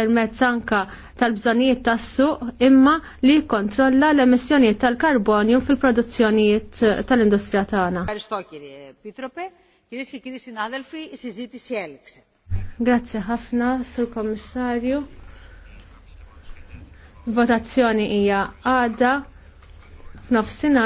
permezz anka tal-bżonijiet tas-suq imma li jikkontrolla l-emissjonijiet tal-karbonju fil-produzzjonijiet eh, tal-industrija tagħna. Grazzi ħafna, Sur Kommissarju. Votazzjoni hija għada f'nofsinhar.